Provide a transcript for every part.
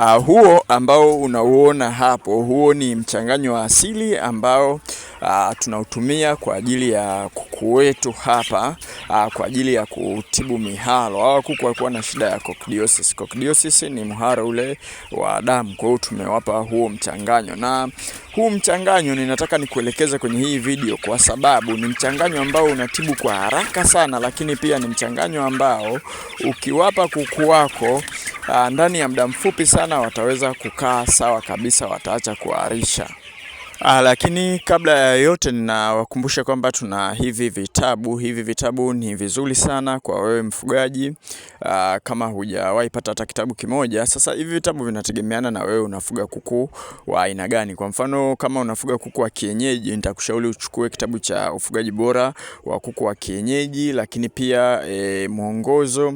Uh, huo ambao unauona hapo, huo ni mchanganyo wa asili ambao uh, tunautumia kwa ajili ya kuku wetu hapa a, ah, kwa ajili ya kutibu mihalo. Hawa kuku walikuwa na shida ya coccidiosis. Coccidiosis ni mharo ule wa damu, kwa hiyo tumewapa huo mchanganyo, na huu mchanganyo ninataka nikuelekeze kwenye hii video kwa sababu ni mchanganyo ambao unatibu kwa haraka sana, lakini pia ni mchanganyo ambao ukiwapa kuku wako ah, ndani ya muda mfupi sana wataweza kukaa sawa kabisa, wataacha kuharisha. Ah, lakini kabla ya yote ninawakumbusha kwamba tuna hivi vitabu. Hivi vitabu ni vizuri sana kwa wewe mfugaji. ah, kama hujawahi pata hata kitabu kimoja. Sasa hivi vitabu vinategemeana na wewe unafuga kuku wa aina gani. Kwa mfano, kama unafuga kuku wa kienyeji, nitakushauri uchukue kitabu cha ufugaji bora wa kuku wa kienyeji, lakini pia eh, mwongozo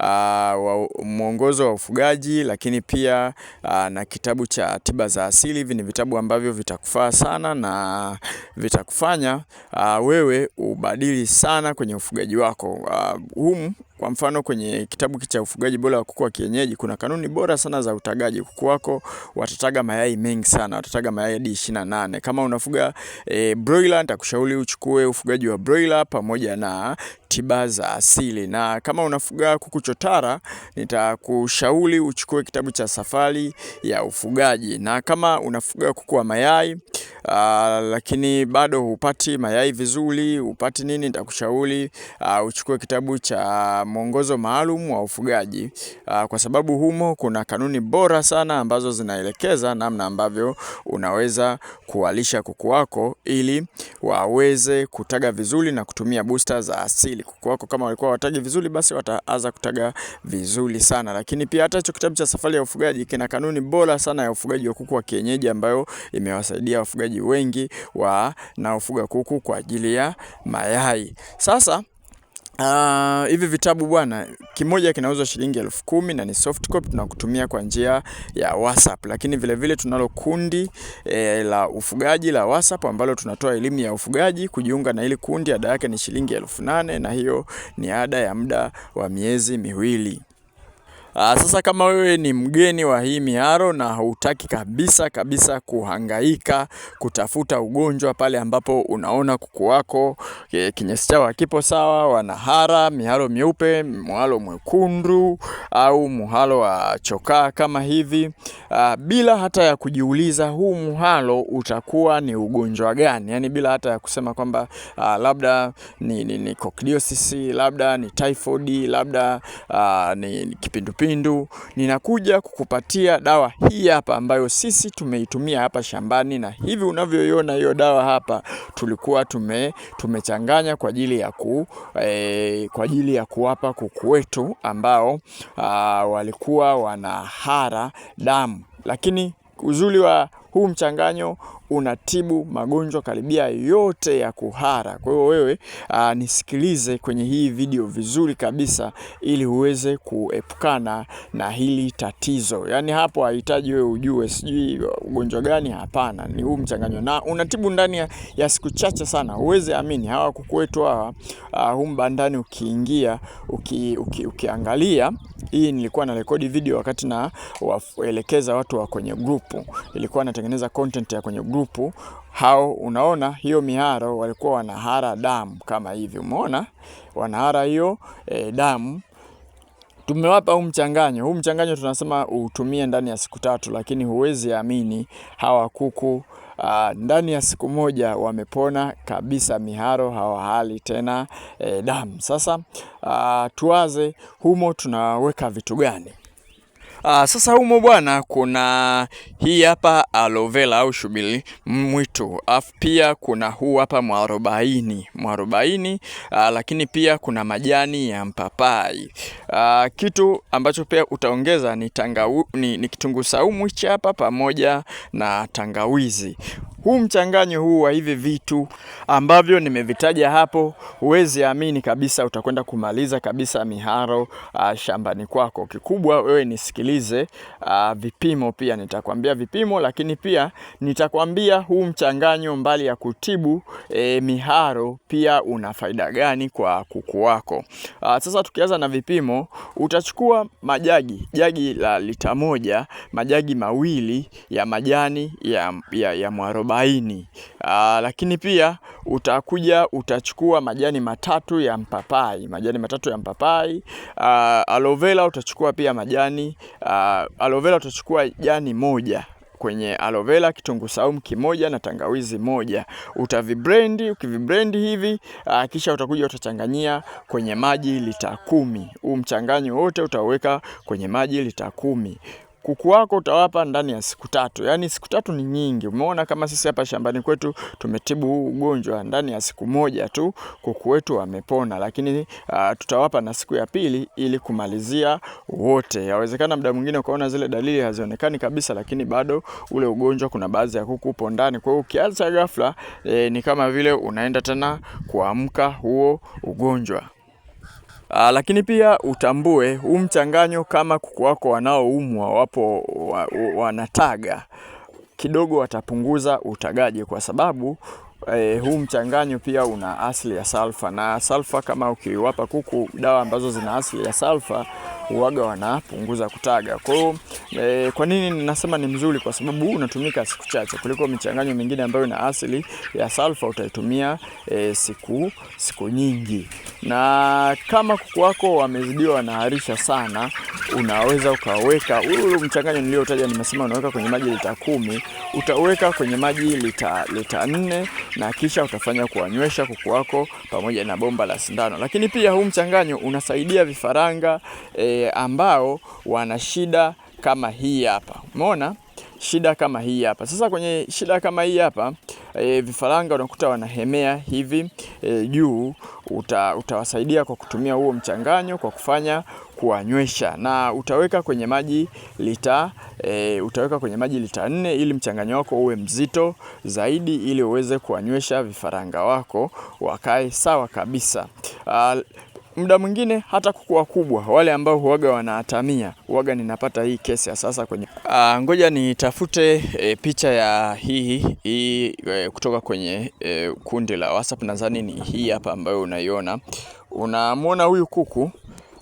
uh, mwongozo wa ufugaji, lakini pia uh, na kitabu cha tiba za asili. Hivi ni vitabu ambavyo vitakufaa sana na vitakufanya uh, wewe ubadili sana kwenye ufugaji wako uh, humu kwa mfano kwenye kitabu cha ufugaji bora wa kuku wa kienyeji kuna kanuni bora sana za utagaji. Kuku wako watataga mayai mengi sana, watataga mayai hadi 28. Kama unafuga e, broiler nitakushauri uchukue ufugaji wa broiler pamoja na tiba za asili, na kama unafuga kuku chotara nitakushauri uchukue kitabu cha Safari ya Ufugaji, na kama unafuga kuku wa mayai uh, lakini bado hupati mayai vizuri, hupati nini, nitakushauri uh, uchukue kitabu cha mwongozo maalum wa ufugaji uh, kwa sababu humo kuna kanuni bora sana ambazo zinaelekeza namna ambavyo unaweza kuwalisha kuku wako ili waweze kutaga vizuri na kutumia booster za asili. Kuku wako kama walikuwa watagi vizuri, basi wataanza kutaga vizuri sana. Lakini pia hata hicho kitabu cha safari ya ufugaji kina kanuni bora sana ya ufugaji wa kuku wa kienyeji ambayo imewasaidia wafugaji wafugaji wengi wanaofuga kuku kwa ajili ya mayai. Sasa Uh, hivi vitabu bwana, kimoja kinauzwa shilingi elfu kumi na ni soft copy, tunakutumia kwa njia ya WhatsApp, lakini vile vile tunalo kundi eh, la ufugaji la WhatsApp ambalo tunatoa elimu ya ufugaji. Kujiunga na hili kundi ada yake ni shilingi elfu nane na hiyo ni ada ya muda wa miezi miwili. Ah, sasa kama wewe ni mgeni wa hii miharo na hutaki kabisa kabisa kuhangaika kutafuta ugonjwa pale ambapo unaona kuku wako eh, kinyesi chao hakipo sawa, wanahara miharo myeupe, mhalo mwekundu au mhalo wa chokaa kama hivi, ah, bila hata ya kujiuliza huu mhalo utakuwa ni ugonjwa gani, yani bila hata ya kusema kwamba ah, labda ni, ni, ni labda ni typhoid, labda ni kipindu kipindupindu, ninakuja kukupatia dawa hii hapa ambayo sisi tumeitumia hapa shambani, na hivi unavyoiona hiyo dawa hapa tulikuwa tume tumechanganya kwa ajili ya ku e, kwa ajili ya kuwapa kuku wetu ambao a, ah, walikuwa wanahara damu, lakini uzuri wa huu mchanganyo unatibu magonjwa karibia yote ya kuhara. Kwa hiyo wewe uh, nisikilize kwenye hii video vizuri kabisa, ili uweze kuepukana na hili tatizo. Yaani hapo hahitaji wewe ujue sijui ugonjwa gani, hapana, ni huu mchanganyo na unatibu ndani ya, ya siku chache sana. Uweze amini hawa kuku wetu hawa, ah, humba mbandani ukiingia, uki, uki, ukiangalia hii nilikuwa na rekodi video wakati na waelekeza watu wa kwenye grupu, ilikuwa natengeneza content ya kwenye grupu grupu hao, unaona hiyo miharo walikuwa wanahara damu kama hivi, umeona wanahara hiyo e, damu tumewapa huu mchanganyo. Huu mchanganyo tunasema utumie ndani ya siku tatu, lakini huwezi amini hawa kuku Uh, ndani ya siku moja wamepona kabisa, miharo hawahali tena e, damu. Sasa uh, tuwaze humo tunaweka vitu gani? Aa, ah, sasa humo bwana kuna hii hapa aloe vera au shubiri mwitu, afu pia kuna huu hapa mwarobaini mwarobaini, ah, lakini pia kuna majani ya mpapai. Aa, ah, kitu ambacho pia utaongeza ni, ni, ni kitunguu saumu hichi hapa pamoja na tangawizi. Huu mchanganyo huu wa hivi vitu ambavyo nimevitaja hapo, huwezi amini kabisa, utakwenda kumaliza kabisa miharo uh, shambani kwako. Kikubwa wewe nisikilize. Uh, vipimo pia nitakwambia vipimo, lakini pia nitakwambia huu mchanganyo mbali ya kutibu e, miharo pia una faida gani kwa kuku wako. Uh, sasa tukianza na vipimo, utachukua majagi jagi la lita moja, majagi mawili ya majani ya, ya, ya arobaini. Ah, lakini pia utakuja utachukua majani matatu ya mpapai, majani matatu ya mpapai. Ah, aloe vera utachukua pia majani ah, aloe vera utachukua jani moja kwenye aloe vera, kitunguu saumu kimoja na tangawizi moja, utavibrendi. Ukivibrendi hivi uh, kisha utakuja utachanganyia kwenye maji lita kumi. Huu mchanganyo wote utaweka kwenye maji lita kumi kuku wako utawapa ndani ya siku tatu. Yaani siku tatu ni nyingi. Umeona kama sisi hapa shambani kwetu tumetibu huu ugonjwa ndani ya siku moja tu kuku wetu wamepona, lakini uh, tutawapa na siku ya pili ili kumalizia wote. Yawezekana muda mwingine ukaona zile dalili hazionekani kabisa, lakini bado ule ugonjwa, kuna baadhi ya kuku upo ndani. Kwa hiyo ukiacha ghafla, eh, ni kama vile unaenda tena kuamka huo ugonjwa. Aa, ah, lakini pia utambue huu mchanganyo kama kuku wako wanaoumwa wapo wanataga wa, wa, kidogo watapunguza utagaji kwa sababu eh, huu mchanganyo pia una asili ya salfa, na salfa kama ukiwapa kuku dawa ambazo zina asili ya salfa uwaga wanapunguza kutaga. Kwa hiyo eh, kwa nini ninasema ni mzuri? Kwa sababu huu unatumika siku chache kuliko michanganyo mingine ambayo ina asili ya salfa, utaitumia eh, siku siku nyingi, na kama kuku wako wamezidiwa na harisha sana, unaweza ukaweka huu mchanganyo niliotaja. Nimesema unaweka kwenye maji lita kumi, utaweka kwenye maji lita lita nne na kisha utafanya kuwanywesha kuku wako pamoja na bomba la sindano. Lakini pia huu mchanganyo unasaidia vifaranga e, ambao wana shida kama hii hapa. Umeona? shida kama hii hapa sasa. Kwenye shida kama hii hapa e, vifaranga unakuta wanahemea hivi e, juu e, uta, utawasaidia kwa kutumia huo mchanganyo kwa kufanya kuwanywesha, na utaweka kwenye maji lita e, utaweka kwenye maji lita nne ili mchanganyo wako uwe mzito zaidi, ili uweze kuwanywesha vifaranga wako wakae sawa kabisa. Al, muda mwingine hata kuku wakubwa wale ambao huaga wanaatamia huaga ninapata hii kesi ya sasa kwenye aa, ngoja nitafute e, picha ya hii hii e, kutoka kwenye e, kundi la WhatsApp nadhani ni hii hapa ambayo unaiona. Unamwona huyu kuku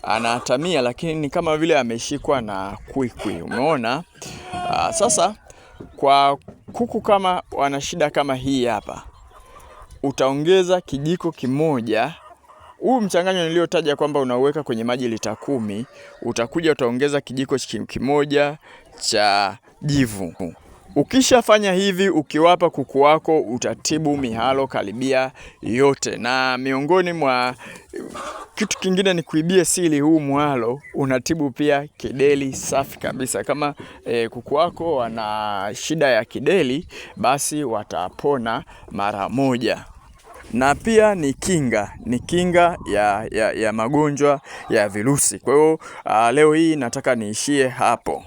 anatamia, lakini ni kama vile ameshikwa na kwikwi, umeona? Ah, sasa kwa kuku kama wana shida kama hii hapa, utaongeza kijiko kimoja huu mchanganyo niliotaja kwamba unaweka kwenye maji lita kumi, utakuja utaongeza kijiko kimoja cha jivu. Ukishafanya hivi, ukiwapa kuku wako utatibu mihalo karibia yote. Na miongoni mwa kitu kingine ni kuibia sili, huu mwalo unatibu pia kideli safi kabisa. Kama e, kuku wako wana shida ya kideli, basi watapona mara moja na pia ni kinga ni kinga ya, ya, ya magonjwa ya virusi. Kwa hiyo leo hii nataka niishie hapo.